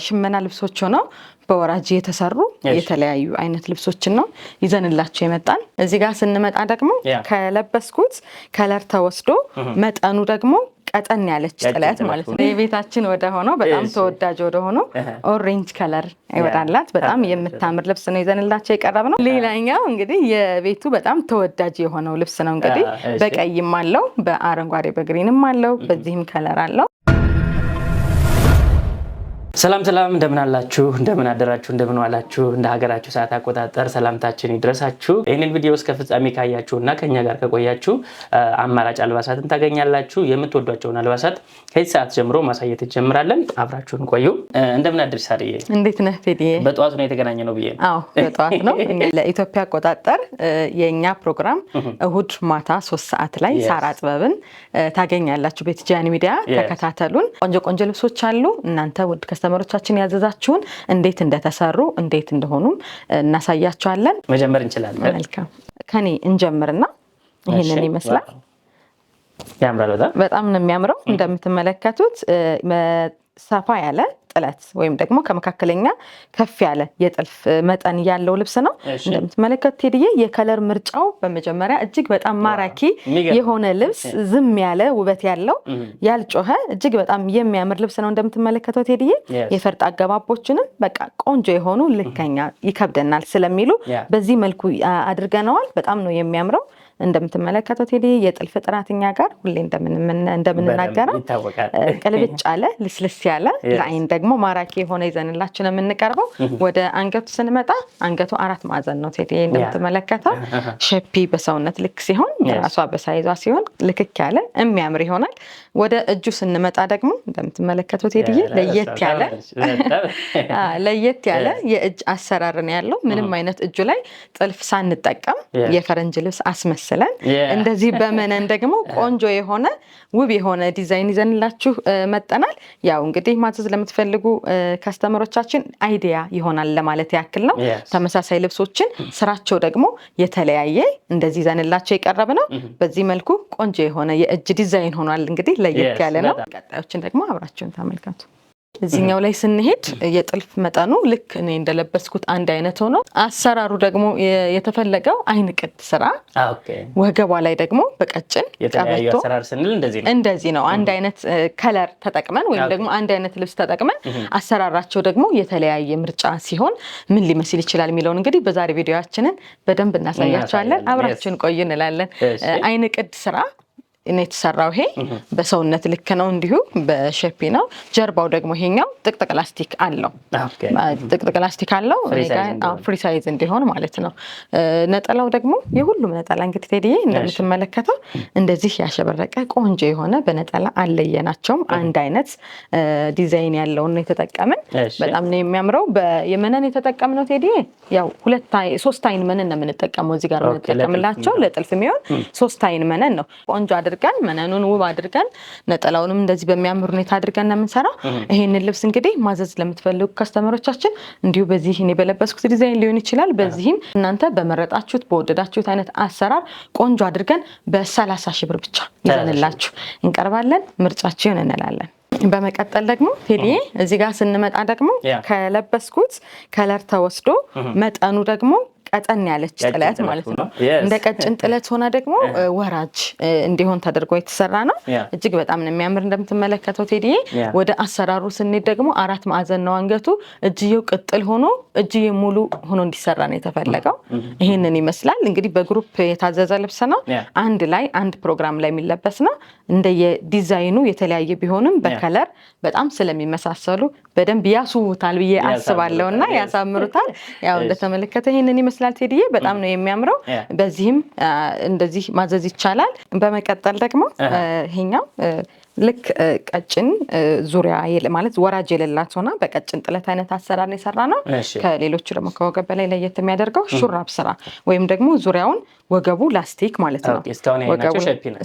የሽመና ልብሶች ሆነው በወራጅ የተሰሩ የተለያዩ አይነት ልብሶችን ነው ይዘንላቸው የመጣን። እዚህ ጋር ስንመጣ ደግሞ ከለበስኩት ከለር ተወስዶ መጠኑ ደግሞ ቀጠን ያለች ጥለት ማለት ነው። የቤታችን ወደ ሆነው በጣም ተወዳጅ ወደ ሆነው ኦሬንጅ ከለር ይወጣላት በጣም የምታምር ልብስ ነው ይዘንላቸው የቀረብ ነው። ሌላኛው እንግዲህ የቤቱ በጣም ተወዳጅ የሆነው ልብስ ነው እንግዲህ በቀይም አለው፣ በአረንጓዴ በግሪንም አለው፣ በዚህም ከለር አለው። ሰላም ሰላም፣ እንደምን አላችሁ፣ እንደምን አደራችሁ፣ እንደምን ዋላችሁ። እንደ ሀገራችሁ ሰዓት አቆጣጠር ሰላምታችን ይድረሳችሁ። ይህንን ቪዲዮ እስከ ፍጻሜ ካያችሁ እና ከኛ ጋር ከቆያችሁ አማራጭ አልባሳትን ታገኛላችሁ። የምትወዷቸውን አልባሳት ከዚህ ሰዓት ጀምሮ ማሳየት እንጀምራለን። አብራችሁን ቆዩ። እንደምን አድር ሳርዬ፣ እንዴት ነህ ፌዴ? በጠዋቱ ነው የተገናኘ ነው ብዬ ነው። በጠዋት ነው ለኢትዮጵያ አቆጣጠር። የእኛ ፕሮግራም እሁድ ማታ ሶስት ሰዓት ላይ ሳራ ጥበብን ታገኛላችሁ። ቤትጃን ሚዲያ ተከታተሉን። ቆንጆ ቆንጆ ልብሶች አሉ እናንተ ውድ አስተማሪዎቻችን ያዘዛችሁን እንዴት እንደተሰሩ እንዴት እንደሆኑም እናሳያችኋለን። መጀመር እንችላለን። መልካም ከኔ እንጀምርና ይህንን ይመስላል። ያምራል። በጣም በጣም ነው የሚያምረው እንደምትመለከቱት ሰፋ ያለ ጥለት ወይም ደግሞ ከመካከለኛ ከፍ ያለ የጥልፍ መጠን ያለው ልብስ ነው። እንደምትመለከት ቴድዬ የከለር ምርጫው በመጀመሪያ እጅግ በጣም ማራኪ የሆነ ልብስ፣ ዝም ያለ ውበት ያለው ያልጮኸ እጅግ በጣም የሚያምር ልብስ ነው። እንደምትመለከተው ቴድዬ የፈርጥ አገባቦችንም በቃ ቆንጆ የሆኑ ልከኛ ይከብደናል ስለሚሉ በዚህ መልኩ አድርገነዋል። በጣም ነው የሚያምረው። እንደምትመለከቱት ቴዲ የጥልፍ ጥናትኛ ጋር ሁሌ እንደምንናገረው ቅልብጭ ያለ ልስልስ ያለ ለአይን ደግሞ ማራኪ የሆነ ይዘንላችሁ ነው የምንቀርበው። ወደ አንገቱ ስንመጣ አንገቱ አራት ማዕዘን ነው ቴዲ እንደምትመለከተው uh-huh. ሸፒ በሰውነት ልክ ሲሆን ራሷ በሳይዟ ሲሆን ልክክ ያለ የሚያምር ይሆናል። ወደ እጁ ስንመጣ ደግሞ እንደምትመለከቱት ቴዲዬ ለየት ያለ ለየት ያለ የእጅ አሰራር ነው ያለው። ምንም uh-huh. አይነት እጁ ላይ ጥልፍ ሳንጠቀም የፈረንጅ ልብስ አስመስ አስመስለን እንደዚህ በመነን ደግሞ ቆንጆ የሆነ ውብ የሆነ ዲዛይን ይዘንላችሁ መጠናል። ያው እንግዲህ ማዘዝ ለምትፈልጉ ከስተመሮቻችን አይዲያ ይሆናል ለማለት ያክል ነው። ተመሳሳይ ልብሶችን ስራቸው ደግሞ የተለያየ እንደዚህ ይዘንላቸው የቀረብ ነው። mm-hmm. በዚህ መልኩ ቆንጆ የሆነ የእጅ ዲዛይን ሆኗል። እንግዲህ ለየት ያለ ነው። ቀጣዮችን ደግሞ አብራችሁን ተመልከቱ። እዚህኛው ላይ ስንሄድ የጥልፍ መጠኑ ልክ እኔ እንደለበስኩት አንድ አይነት ሆኖ አሰራሩ ደግሞ የተፈለገው አይን ቅድ ስራ፣ ወገቧ ላይ ደግሞ በቀጭን ቀበቶ እንደዚህ ነው። አንድ አይነት ከለር ተጠቅመን ወይም ደግሞ አንድ አይነት ልብስ ተጠቅመን አሰራራቸው ደግሞ የተለያየ ምርጫ ሲሆን ምን ሊመስል ይችላል የሚለውን እንግዲህ በዛሬ ቪዲዮችንን በደንብ እናሳያቸዋለን። አብራችን ቆዩ እንላለን። አይን ቅድ ስራ እኔ የተሰራው ይሄ በሰውነት ልክ ነው፣ እንዲሁ በሸፒ ነው። ጀርባው ደግሞ ይሄኛው ጥቅጥቅ ላስቲክ አለው፣ ጥቅጥቅ ላስቲክ አለው ፍሪ ሳይዝ እንዲሆን ማለት ነው። ነጠላው ደግሞ የሁሉም ነጠላ እንግዲህ ቴዲዬ እንደምትመለከተው እንደዚህ ያሸበረቀ ቆንጆ የሆነ በነጠላ አለየናቸውም። አንድ አይነት ዲዛይን ያለውን ነው የተጠቀምን። በጣም ነው የሚያምረው። የመነን የተጠቀምነው ቴዲዬ ያው ሶስት አይን መነን ነው የምንጠቀመው እዚህ ጋር የምንጠቀምላቸው ለጥልፍ የሚሆን ሶስት አይን መነን ነው ቆንጆ አድርገን አድርገን መነኑን ውብ አድርገን ነጠላውንም እንደዚህ በሚያምር ሁኔታ አድርገን ነው የምንሰራው። ይህንን ልብስ እንግዲህ ማዘዝ ለምትፈልጉ ከስተመሮቻችን እንዲሁ በዚህ እኔ በለበስኩት ዲዛይን ሊሆን ይችላል። በዚህም እናንተ በመረጣችሁት በወደዳችሁት አይነት አሰራር ቆንጆ አድርገን በሰላሳ ሺህ ብር ብቻ ይዘንላችሁ እንቀርባለን። ምርጫችሁን እንላለን። በመቀጠል ደግሞ ቴዲዬ እዚህ ጋር ስንመጣ ደግሞ ከለበስኩት ከለር ተወስዶ መጠኑ ደግሞ ቀጠን ያለች ጥለት ማለት ነው። እንደ ቀጭን ጥለት ሆና ደግሞ ወራጅ እንዲሆን ተደርጎ የተሰራ ነው። እጅግ በጣም ነው የሚያምር። እንደምትመለከተው ቴዲዬ፣ ወደ አሰራሩ ስንሄድ ደግሞ አራት ማዕዘን ነው አንገቱ። እጅየው ቅጥል ሆኖ እጅየ ሙሉ ሆኖ እንዲሰራ ነው የተፈለገው። mm-hmm. Mm-hmm. ይህንን ይመስላል እንግዲህ። በግሩፕ የታዘዘ ልብስ ነው። አንድ ላይ አንድ ፕሮግራም ላይ የሚለበስ ነው። እንደየዲዛይኑ የተለያየ ቢሆንም በከለር በጣም ስለሚመሳሰሉ በደንብ ያስውቡታል ብዬ አስባለሁ እና ያሳምሩታል። ያው እንደተመለከተ ይህንን ይመስላል ቴዲዬ፣ በጣም ነው የሚያምረው። በዚህም እንደዚህ ማዘዝ ይቻላል። በመቀጠል ደግሞ ይሄኛው ልክ ቀጭን ዙሪያ ማለት ወራጅ የሌላት ሆና በቀጭን ጥለት አይነት አሰራር የሰራ ነው። ከሌሎቹ ደግሞ ከወገብ በላይ ለየት የሚያደርገው ሹራብ ስራ ወይም ደግሞ ዙሪያውን ወገቡ ላስቲክ ማለት ነው።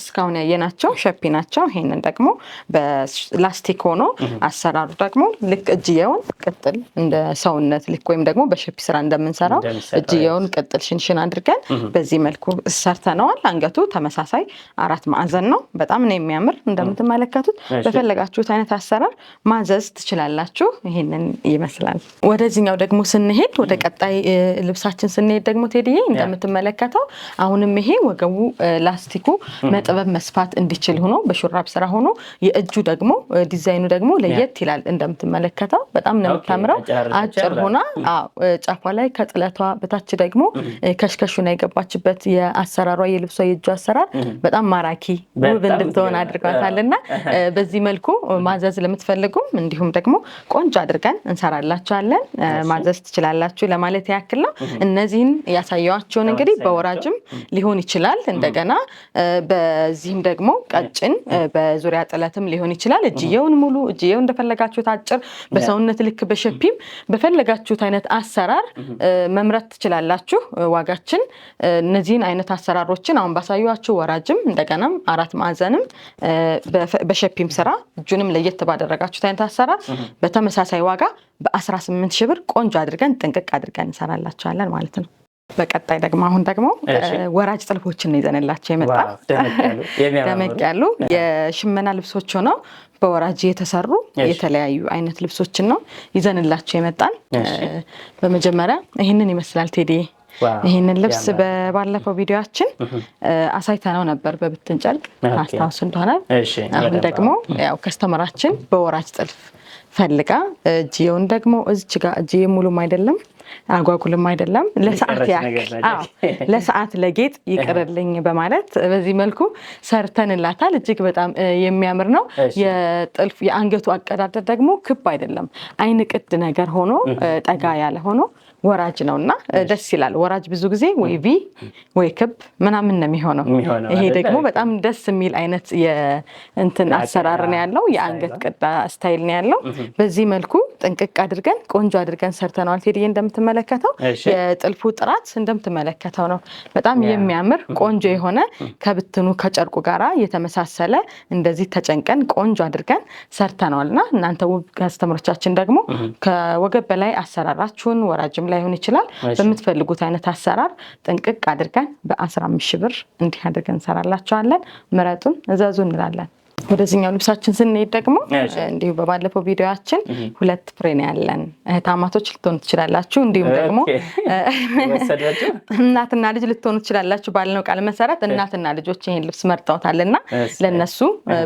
እስካሁን ያየናቸው ሸፒ ናቸው። ይሄንን ደግሞ በላስቲክ ሆኖ አሰራሩ ደግሞ ልክ እጅየውን ቅጥል እንደ ሰውነት ልክ ወይም ደግሞ በሸፒ ስራ እንደምንሰራው እጅየውን ቅጥል ሽንሽን አድርገን በዚህ መልኩ ሰርተነዋል። አንገቱ ተመሳሳይ አራት ማዕዘን ነው። በጣም ነው የሚያምር እንደምትመለከቱት። በፈለጋችሁት አይነት አሰራር ማዘዝ ትችላላችሁ። ይሄንን ይመስላል። ወደዚህኛው ደግሞ ስንሄድ ወደ ቀጣይ ልብሳችን ስንሄድ ደግሞ ቴዲዬ እንደምትመለከተው አሁንም ይሄ ወገቡ ላስቲኩ መጥበብ መስፋት እንዲችል ሆኖ በሹራብ ስራ ሆኖ የእጁ ደግሞ ዲዛይኑ ደግሞ ለየት ይላል። እንደምትመለከተው በጣም ነው የምታምረው። አጭር ሆና ጫፏ ላይ ከጥለቷ በታች ደግሞ ከሽከሹና የገባችበት የአሰራሯ የልብሷ የእጁ አሰራር በጣም ማራኪ ውብ እንድትሆን አድርጓታልና በዚህ መልኩ ማዘዝ ለምትፈልጉም እንዲሁም ደግሞ ቆንጆ አድርገን እንሰራላችኋለን። ማዘዝ ትችላላችሁ ለማለት ያክል ነው። እነዚህን ያሳየዋቸውን እንግዲህ በወራጅም ሊሆን ይችላል። እንደገና በዚህም ደግሞ ቀጭን በዙሪያ ጥለትም ሊሆን ይችላል። እጅየውን ሙሉ እጅየው እንደፈለጋችሁት አጭር፣ በሰውነት ልክ፣ በሸፒም በፈለጋችሁት አይነት አሰራር መምረት ትችላላችሁ። ዋጋችን እነዚህን አይነት አሰራሮችን አሁን ባሳዩችሁ ወራጅም እንደገናም አራት ማዕዘንም በሸፒም ስራ እጁንም ለየት ባደረጋችሁት አይነት አሰራር በተመሳሳይ ዋጋ በ18 ሺህ ብር ቆንጆ አድርገን ጥንቅቅ አድርገን እንሰራላችኋለን ማለት ነው። በቀጣይ ደግሞ አሁን ደግሞ ወራጅ ጥልፎችን ይዘንላቸው የመጣ ደመቅ ያሉ የሽመና ልብሶች ሆነው በወራጅ የተሰሩ የተለያዩ አይነት ልብሶችን ነው ይዘንላቸው የመጣን። በመጀመሪያ ይህንን ይመስላል ቴዲ። ይህንን ልብስ በባለፈው ቪዲዮችን አሳይተነው ነበር በብትን ጨርቅ አስታውስ እንደሆነ። አሁን ደግሞ ያው ከስተመራችን በወራጅ ጥልፍ ፈልጋ እጅየውን ደግሞ እዚች ጋር እጅዬ ሙሉም አይደለም አጓጉልም አይደለም። ለሰዓት ያክል ለሰዓት ለጌጥ ይቅርልኝ በማለት በዚህ መልኩ ሰርተንላታል። እጅግ በጣም የሚያምር ነው። የጥልፍ የአንገቱ አቀዳደር ደግሞ ክብ አይደለም፣ አይን ቅድ ነገር ሆኖ ጠጋ ያለ ሆኖ ወራጅ ነው እና ደስ ይላል። ወራጅ ብዙ ጊዜ ወይ ቪ ወይ ክብ ምናምን ነው የሚሆነው። ይሄ ደግሞ በጣም ደስ የሚል አይነት የእንትን አሰራር ነው ያለው። የአንገት ቅጣ ስታይል ነው ያለው። በዚህ መልኩ ጥንቅቅ አድርገን ቆንጆ አድርገን ሰርተነዋል። ቴዲዬ እንደምትመለከተው የጥልፉ ጥራት እንደምትመለከተው ነው። በጣም የሚያምር ቆንጆ የሆነ ከብትኑ ከጨርቁ ጋራ የተመሳሰለ እንደዚህ ተጨንቀን ቆንጆ አድርገን ሰርተነዋል እና እናንተ ውብ አስተምሮቻችን ደግሞ ከወገብ በላይ አሰራራችሁን ወራጅም ላይሆን ይችላል። በምትፈልጉት አይነት አሰራር ጥንቅቅ አድርገን በ15 ሺህ ብር እንዲህ አድርገን እንሰራላቸዋለን። ምረጡን እዘዙ እንላለን። ወደዚህኛው ልብሳችን ስንሄድ ደግሞ እንዲሁ በባለፈው ቪዲዮችን ሁለት ፍሬን ያለን እህታማቶች ልትሆኑ ትችላላችሁ። እንዲሁም ደግሞ እናትና ልጅ ልትሆኑ ትችላላችሁ ባልነው ቃል መሰረት እናትና ልጆች ይህን ልብስ መርጠውታል እና ለነሱ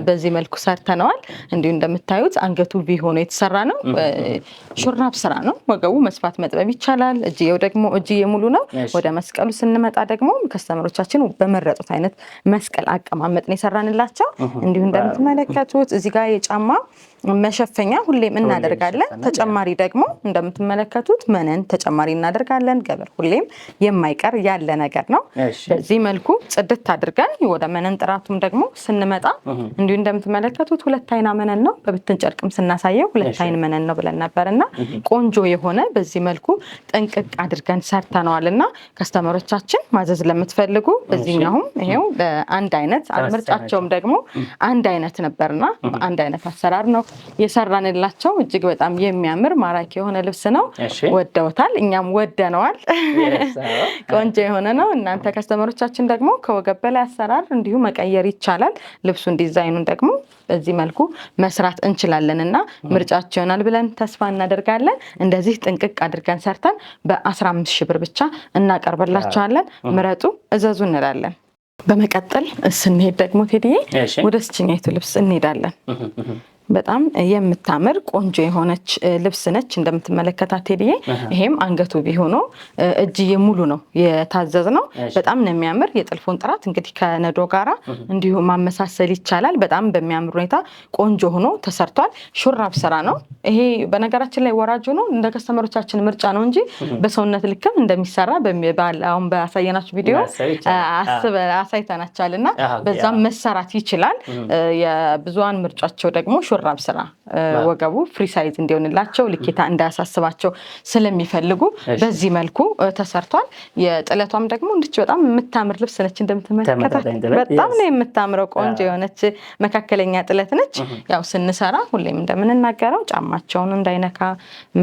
በዚህ መልኩ ሰርተነዋል። እንዲሁ እንደምታዩት አንገቱ ቪ ሆኖ የተሰራ ነው። ሹራብ ስራ ነው። ወገቡ መስፋት መጥበብ ይቻላል። እጅየው ደግሞ እጅዬ ሙሉ ነው። ወደ መስቀሉ ስንመጣ ደግሞ ከስተመሮቻችን በመረጡት አይነት መስቀል አቀማመጥ ነው የሰራንላቸው እንዲሁም እንደምትመለከቱት እዚህ ጋር የጫማ መሸፈኛ ሁሌም እናደርጋለን። ተጨማሪ ደግሞ እንደምትመለከቱት መነን ተጨማሪ እናደርጋለን። ገበር ሁሌም የማይቀር ያለ ነገር ነው። በዚህ መልኩ ጽድት አድርገን ወደ መነን ጥራቱም ደግሞ ስንመጣ እንዲሁ እንደምትመለከቱት ሁለት አይና መነን ነው። በብትን ጨርቅም ስናሳየው ሁለት አይን መነን ነው ብለን ነበር እና ቆንጆ የሆነ በዚህ መልኩ ጥንቅቅ አድርገን ሰርተነዋል እና ከስተመሮቻችን ማዘዝ ለምትፈልጉ በዚህኛውም ይሄው አንድ አይነት ምርጫቸውም ደግሞ አንድ አይነት ነበርና አንድ አይነት አሰራር ነው የሰራንላቸው። እጅግ በጣም የሚያምር ማራኪ የሆነ ልብስ ነው። ወደውታል፣ እኛም ወደነዋል። ቆንጆ የሆነ ነው። እናንተ ከስተመሮቻችን ደግሞ ከወገብ በላይ አሰራር እንዲሁ መቀየር ይቻላል። ልብሱን ዲዛይኑን ደግሞ በዚህ መልኩ መስራት እንችላለን እና ምርጫቸው ይሆናል ብለን ተስፋ እናደርጋለን። እንደዚህ ጥንቅቅ አድርገን ሰርተን በ15 ሺህ ብር ብቻ እናቀርበላቸዋለን ምረጡ፣ እዘዙ እንላለን። በመቀጠል ስንሄድ ደግሞ ቴዲዬ ወደ ስችኛይቱ ልብስ እንሄዳለን። በጣም የምታምር ቆንጆ የሆነች ልብስ ነች እንደምትመለከታት ቴዲዬ። ይሄም አንገቱ ቢሆኖ እጅዬ ሙሉ ነው የታዘዝ ነው። በጣም ነው የሚያምር። የጥልፉን ጥራት እንግዲህ ከነዶ ጋራ እንዲሁ ማመሳሰል ይቻላል። በጣም በሚያምር ሁኔታ ቆንጆ ሆኖ ተሰርቷል። ሹራብ ስራ ነው ይሄ። በነገራችን ላይ ወራጅ ሆኖ እንደ ከስተመሮቻችን ምርጫ ነው እንጂ በሰውነት ልክም እንደሚሰራ አሁን በአሳየናችሁ ቪዲዮ አሳይተናቸዋል እና በዛም መሰራት ይችላል። የብዙሃን ምርጫቸው ደግሞ ሹራብ ስራ ወገቡ ፍሪ ሳይዝ እንዲሆንላቸው ልኬታ እንዳያሳስባቸው ስለሚፈልጉ በዚህ መልኩ ተሰርቷል። የጥለቷም ደግሞ እንድች በጣም የምታምር ልብስ ነች። እንደምትመለከታት በጣም ነው የምታምረው። ቆንጆ የሆነች መካከለኛ ጥለት ነች። ያው ስንሰራ ሁሌም እንደምንናገረው ጫማቸውን እንዳይነካ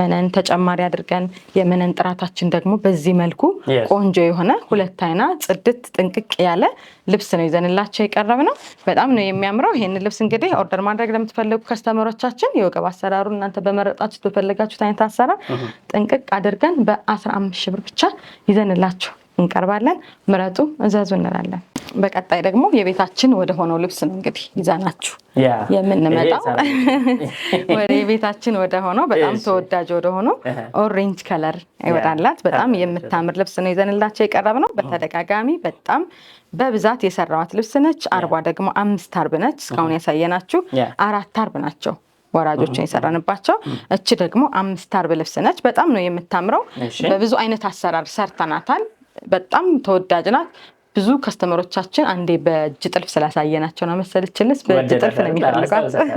መነን ተጨማሪ አድርገን የመነን ጥራታችን ደግሞ በዚህ መልኩ ቆንጆ የሆነ ሁለት አይና ጽድት ጥንቅቅ ያለ ልብስ ነው ይዘንላቸው የቀረብ ነው። በጣም ነው የሚያምረው። ይህን ልብስ እንግዲህ ኦርደር ማድረግ ለምትፈልጉ ለምትፈልጉ ከስተመሮቻችን የወገብ አሰራሩ እናንተ በመረጣችሁት በፈለጋችሁት አይነት አሰራር ጥንቅቅ አድርገን በአስራ አምስት ሺህ ብር ብቻ ይዘንላችሁ እንቀርባለን። ምረጡ፣ እዘዙ እንላለን። በቀጣይ ደግሞ የቤታችን ወደ ሆነው ልብስ ነው እንግዲህ ይዘናችሁ የምንመጣው ወደ የቤታችን ወደ ሆነው በጣም ተወዳጅ ወደ ሆነው uh-huh. ኦሬንጅ ከለር ይወዳላት በጣም የምታምር ልብስ ነው ይዘንላቸው የቀረብ ነው። mm. በተደጋጋሚ በጣም በብዛት የሰራዋት ልብስ ነች። አርቧ ደግሞ አምስት አርብ ነች። እስካሁን mm-hmm. ያሳየናችሁ አራት አርብ ናቸው ወራጆችን mm-hmm. የሰራንባቸው። mm-hmm. እች ደግሞ አምስት አርብ ልብስ ነች። በጣም ነው የምታምረው። በብዙ አይነት አሰራር ሰርተናታል። በጣም ተወዳጅ ናት። ብዙ ከስተመሮቻችን አንዴ በእጅ ጥልፍ ስላሳየናቸው ነው መሰለችልስ በእጅ ጥልፍ ነው የሚፈልጓት።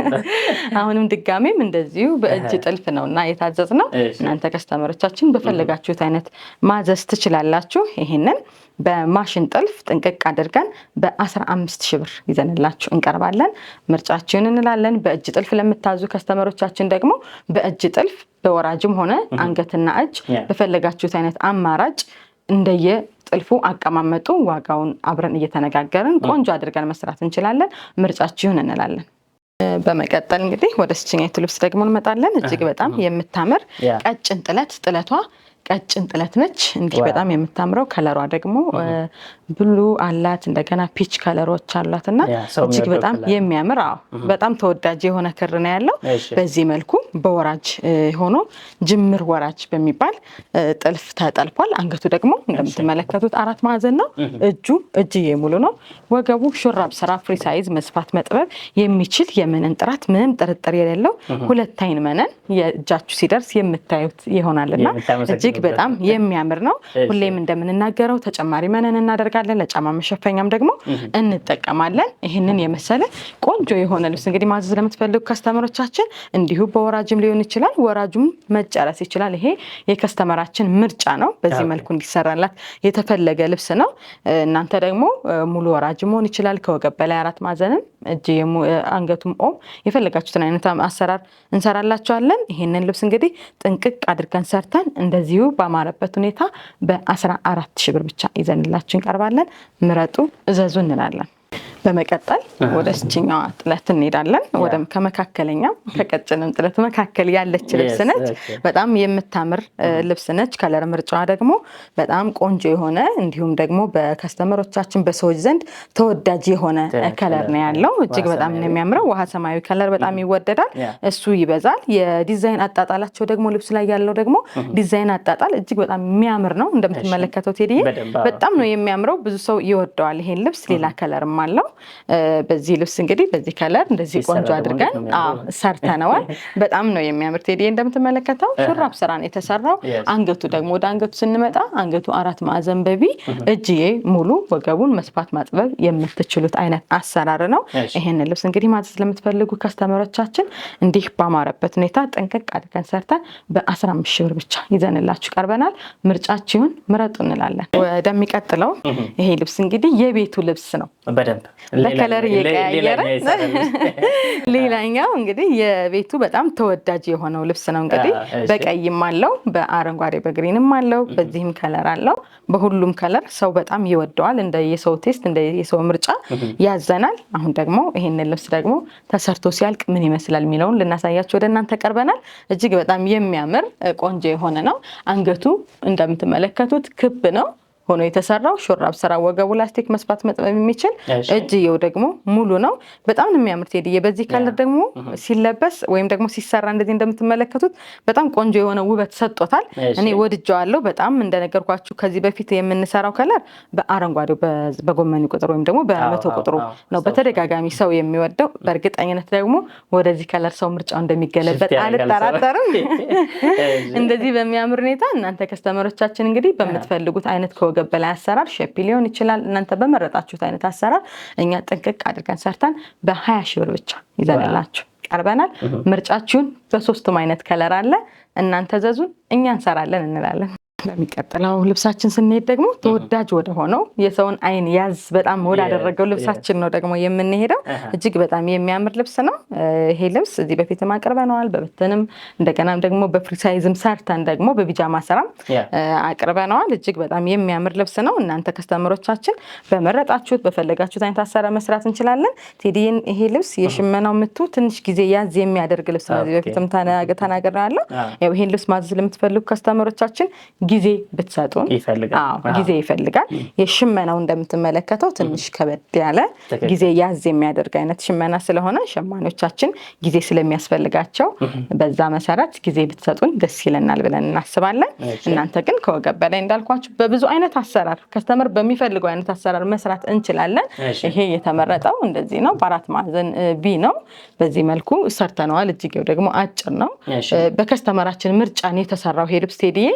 አሁንም ድጋሜም እንደዚሁ በእጅ ጥልፍ ነው እና የታዘዝ ነው። እናንተ ከስተመሮቻችን በፈለጋችሁት አይነት ማዘዝ ትችላላችሁ። ይሄንን በማሽን ጥልፍ ጥንቅቅ አድርገን በ15 ሺህ ብር ይዘንላችሁ እንቀርባለን። ምርጫችሁን እንላለን። በእጅ ጥልፍ ለምታዙ ከስተመሮቻችን ደግሞ በእጅ ጥልፍ በወራጅም ሆነ አንገትና እጅ በፈለጋችሁት አይነት አማራጭ እንደየ ጥልፉ አቀማመጡ ዋጋውን አብረን እየተነጋገርን ቆንጆ አድርገን መስራት እንችላለን። ምርጫችሁን እንላለን። በመቀጠል እንግዲህ ወደ ስችኛይቱ ልብስ ደግሞ እንመጣለን። እጅግ በጣም የምታምር ቀጭን ጥለት ጥለቷ ቀጭን ጥለት ነች። እንዲህ በጣም የምታምረው ከለሯ ደግሞ ብሉ አላት እንደገና ፒች ከለሮች አሏት እና እጅግ በጣም የሚያምር አዎ፣ በጣም ተወዳጅ የሆነ ክር ነው ያለው። በዚህ መልኩ በወራጅ ሆኖ ጅምር ወራጅ በሚባል ጥልፍ ተጠልፏል። አንገቱ ደግሞ እንደምትመለከቱት አራት ማዕዘን ነው። እጁ እጅዬ ሙሉ ነው። ወገቡ ሹራብ ስራ፣ ፍሪ ሳይዝ፣ መስፋት መጥበብ የሚችል የመነን ጥራት ምንም ጥርጥር የሌለው ሁለት አይን መነን የእጃችሁ ሲደርስ የምታዩት ይሆናል እና እጅግ በጣም የሚያምር ነው። ሁሌም እንደምንናገረው ተጨማሪ መነን እናደርጋል እናደርጋለን። ለጫማ መሸፈኛም ደግሞ እንጠቀማለን። ይህንን የመሰለ ቆንጆ የሆነ ልብስ እንግዲህ ማዘዝ ለምትፈልጉ ከስተመሮቻችን እንዲሁ በወራጅም ሊሆን ይችላል፣ ወራጁም መጨረስ ይችላል። ይሄ የከስተመራችን ምርጫ ነው። በዚህ መልኩ እንዲሰራላት የተፈለገ ልብስ ነው። እናንተ ደግሞ ሙሉ ወራጅ መሆን ይችላል። ከወገብ በላይ አራት ማዘንም እጅ አንገቱም ኦም የፈለጋችሁትን አይነት አሰራር እንሰራላቸዋለን። ይሄንን ልብስ እንግዲህ ጥንቅቅ አድርገን ሰርተን እንደዚሁ ባማረበት ሁኔታ በ14 ሺ ብር ብቻ ይዘንላችሁ እንቀርባለን። ምረጡ፣ እዘዙ እንላለን። በመቀጠል ወደ ስችኛዋ ጥለት እንሄዳለን። ወደም ከመካከለኛ ከቀጭንም ጥለት መካከል ያለች ልብስ ነች። በጣም የምታምር ልብስ ነች። ከለር ምርጫዋ ደግሞ በጣም ቆንጆ የሆነ እንዲሁም ደግሞ በከስተመሮቻችን በሰዎች ዘንድ ተወዳጅ የሆነ ከለር ነው ያለው። እጅግ በጣም ነው የሚያምረው። ውሃ ሰማያዊ ከለር በጣም ይወደዳል። እሱ ይበዛል። የዲዛይን አጣጣላቸው ደግሞ ልብስ ላይ ያለው ደግሞ ዲዛይን አጣጣል እጅግ በጣም የሚያምር ነው። እንደምትመለከተው ቴዲዬ በጣም ነው የሚያምረው። ብዙ ሰው ይወደዋል ይሄን ልብስ። ሌላ ከለርም አለው በዚህ ልብስ እንግዲህ በዚህ ከለር እንደዚህ ቆንጆ አድርገን ሰርተነዋል። በጣም ነው የሚያምር ቴዲ። እንደምትመለከተው ሹራብ ስራ ነው የተሰራው። አንገቱ ደግሞ ወደ አንገቱ ስንመጣ አንገቱ አራት ማዕዘን በቢ፣ እጅዬ ሙሉ፣ ወገቡን መስፋት ማጥበብ የምትችሉት አይነት አሰራር ነው። ይህን ልብስ እንግዲህ ማዘዝ ለምትፈልጉ ከስተመሮቻችን እንዲህ ባማረበት ሁኔታ ጥንቅቅ አድርገን ሰርተን በ15 ሺህ ብር ብቻ ይዘንላችሁ ቀርበናል። ምርጫችሁን ምረጡ እንላለን። ወደሚቀጥለው ይሄ ልብስ እንግዲህ የቤቱ ልብስ ነው በደንብ በከለር እየቀያየረ ሌላኛው እንግዲህ የቤቱ በጣም ተወዳጅ የሆነው ልብስ ነው። እንግዲህ በቀይም አለው፣ በአረንጓዴ በግሪንም አለው፣ በዚህም ከለር አለው። በሁሉም ከለር ሰው በጣም ይወደዋል። እንደ የሰው ቴስት፣ እንደ የሰው ምርጫ ያዘናል። አሁን ደግሞ ይህንን ልብስ ደግሞ ተሰርቶ ሲያልቅ ምን ይመስላል የሚለውን ልናሳያችሁ ወደ እናንተ ቀርበናል። እጅግ በጣም የሚያምር ቆንጆ የሆነ ነው። አንገቱ እንደምትመለከቱት ክብ ነው። ሆኖ የተሰራው ሹራብ ስራ ወገቡ ላስቲክ መስፋት መጥበብ የሚችል እጅየው ደግሞ ሙሉ ነው። በጣም ነው የሚያምር ቴዲዬ። በዚህ ከለር ደግሞ ሲለበስ ወይም ደግሞ ሲሰራ እንደዚህ እንደምትመለከቱት በጣም ቆንጆ የሆነ ውበት ሰጥቶታል። እኔ ወድጀዋለሁ በጣም እንደነገርኳችሁ ከዚህ በፊት የምንሰራው ከለር በአረንጓዴው በጎመኒ ቁጥር ወይም ደግሞ በመቶ ቁጥሩ ነው በተደጋጋሚ ሰው የሚወደው። በእርግጠኝነት ደግሞ ወደዚህ ከለር ሰው ምርጫው እንደሚገለበጥ አልጠራጠርም። እንደዚህ በሚያምር ሁኔታ እናንተ ከስተመሮቻችን እንግዲህ በምትፈልጉት አይነት ከወ ገብ አሰራር ሼፕ ሊሆን ይችላል። እናንተ በመረጣችሁት አይነት አሰራር እኛ ጥንቅቅ አድርገን ሰርተን በሀያ ሺህ ብር ብቻ ይዘንላችሁ ቀርበናል። ምርጫችሁን በሶስቱም አይነት ከለር አለ። እናንተ ዘዙን፣ እኛ እንሰራለን እንላለን። ለሚቀጥለው ልብሳችን ስንሄድ ደግሞ ተወዳጅ ወደ ሆነው የሰውን አይን ያዝ በጣም ወዳደረገው ልብሳችን ነው ደግሞ የምንሄደው። እጅግ በጣም የሚያምር ልብስ ነው ይሄ ልብስ። እዚህ በፊትም አቅርበነዋል በብትንም እንደገናም ደግሞ በፍሪሳይዝም ሰርተን ደግሞ በቢጃማ ስራም አቅርበነዋል። እጅግ በጣም የሚያምር ልብስ ነው። እናንተ ከስተምሮቻችን በመረጣችሁት በፈለጋችሁት አይነት አሰራ መስራት እንችላለን። ቴዲን ይሄ ልብስ የሽመናው ምቱ ትንሽ ጊዜ ያዝ የሚያደርግ ልብስ ነው። እዚህ በፊትም ያለው ይሄን ልብስ ማዘዝ ለምትፈልጉ ከስተምሮቻችን ጊዜ ብትሰጡን ጊዜ ይፈልጋል። የሽመናው እንደምትመለከተው ትንሽ ከበድ ያለ ጊዜ ያዝ የሚያደርግ አይነት ሽመና ስለሆነ ሸማኖቻችን ጊዜ ስለሚያስፈልጋቸው በዛ መሰረት ጊዜ ብትሰጡን ደስ ይለናል ብለን እናስባለን። እናንተ ግን ከወገብ በላይ እንዳልኳችሁ በብዙ አይነት አሰራር ከስተመር በሚፈልገው አይነት አሰራር መስራት እንችላለን። ይሄ የተመረጠው እንደዚህ ነው። በአራት ማዕዘን ቢ ነው። በዚህ መልኩ ሰርተነዋል። እጅጌው ደግሞ አጭር ነው። በከስተመራችን ምርጫን የተሰራው ሄልፕ ስቴዲዬ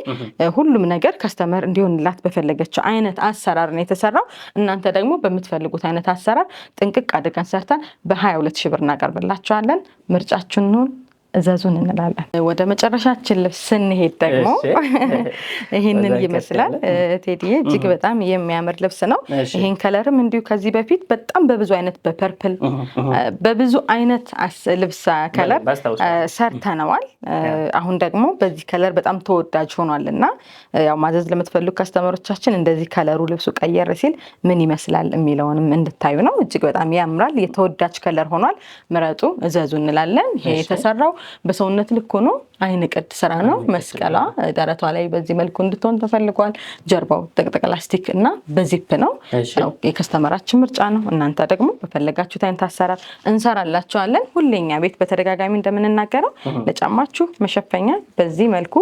ሁሉ ሁሉም ነገር ከስተመር እንዲሆንላት በፈለገችው አይነት አሰራር ነው የተሰራው። እናንተ ደግሞ በምትፈልጉት አይነት አሰራር ጥንቅቅ አድርገን ሰርተን በ22 ሺ ብር እናቀርብላችኋለን። ምርጫችን ኑን። እዘዙን እንላለን። ወደ መጨረሻችን ልብስ ስንሄድ ደግሞ ይህንን ይመስላል ቴዲዬ፣ እጅግ በጣም የሚያምር ልብስ ነው። ይህን ከለርም እንዲሁ ከዚህ በፊት በጣም በብዙ አይነት በፐርፕል በብዙ አይነት ልብስ ከለር ሰርተነዋል። አሁን ደግሞ በዚህ ከለር በጣም ተወዳጅ ሆኗል እና ያው ማዘዝ ለምትፈልጉ ከስተመሮቻችን እንደዚህ ከለሩ ልብሱ ቀየር ሲል ምን ይመስላል የሚለውንም እንድታዩ ነው። እጅግ በጣም ያምራል። የተወዳጅ ከለር ሆኗል። ምረጡ፣ እዘዙ እንላለን። ይሄ የተሰራው በሰውነት ልክ ሆኖ አይን ቅድ ስራ ነው። መስቀሏ ደረቷ ላይ በዚህ መልኩ እንድትሆን ተፈልጓል። ጀርባው ጥቅጥቅ ላስቲክ እና በዚፕ ነው። የከስተመራችን ምርጫ ነው። እናንተ ደግሞ በፈለጋችሁት አይነት አሰራር እንሰራላችኋለን። ሁሌኛ ቤት በተደጋጋሚ እንደምንናገረው ለጫማችሁ መሸፈኛ በዚህ መልኩ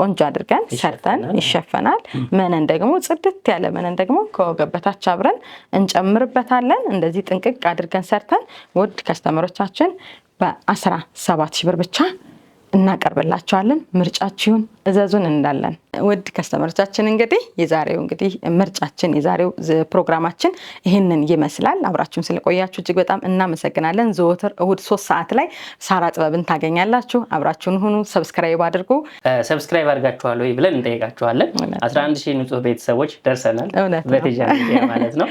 ቆንጆ አድርገን ሰርተን ይሸፈናል። መነን ደግሞ ጽድት ያለ መነን ደግሞ ከወገብ በታች አብረን እንጨምርበታለን። እንደዚህ ጥንቅቅ አድርገን ሰርተን ውድ ከስተመሮቻችን በ17 ሺህ ብር ብቻ እናቀርብላቸዋለን። ምርጫችሁን እዘዙን እንዳለን ውድ ከስተመሮቻችን እንግዲህ የዛሬው እንግዲህ ምርጫችን የዛሬው ፕሮግራማችን ይህንን ይመስላል። አብራችሁን ስለቆያችሁ እጅግ በጣም እናመሰግናለን። ዘወትር እሁድ ሶስት ሰዓት ላይ ሳራ ጥበብን ታገኛላችሁ። አብራችሁን ሁኑ። ሰብስክራይብ አድርጉ። ሰብስክራይብ አድርጋችኋል ወይ ብለን እንጠይቃችኋለን። 11 ሺህ ንጹህ ቤተሰቦች ደርሰናል ማለት ነው።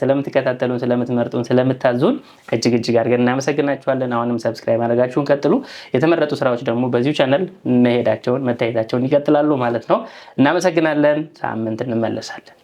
ስለምትከታተሉን፣ ስለምትመርጡን፣ ስለምታዙን እጅግ እጅግ አድርገን እናመሰግናችኋለን። አሁንም ሰብስክራይብ አድርጋችሁን ቀጥሉ። የተመረጡ ስራዎች ደግሞ በዚሁ ቻነል መሄዳቸውን መታየታቸውን ይቀጥላሉ ማለት ማለት ነው። እናመሰግናለን። ሳምንት እንመለሳለን።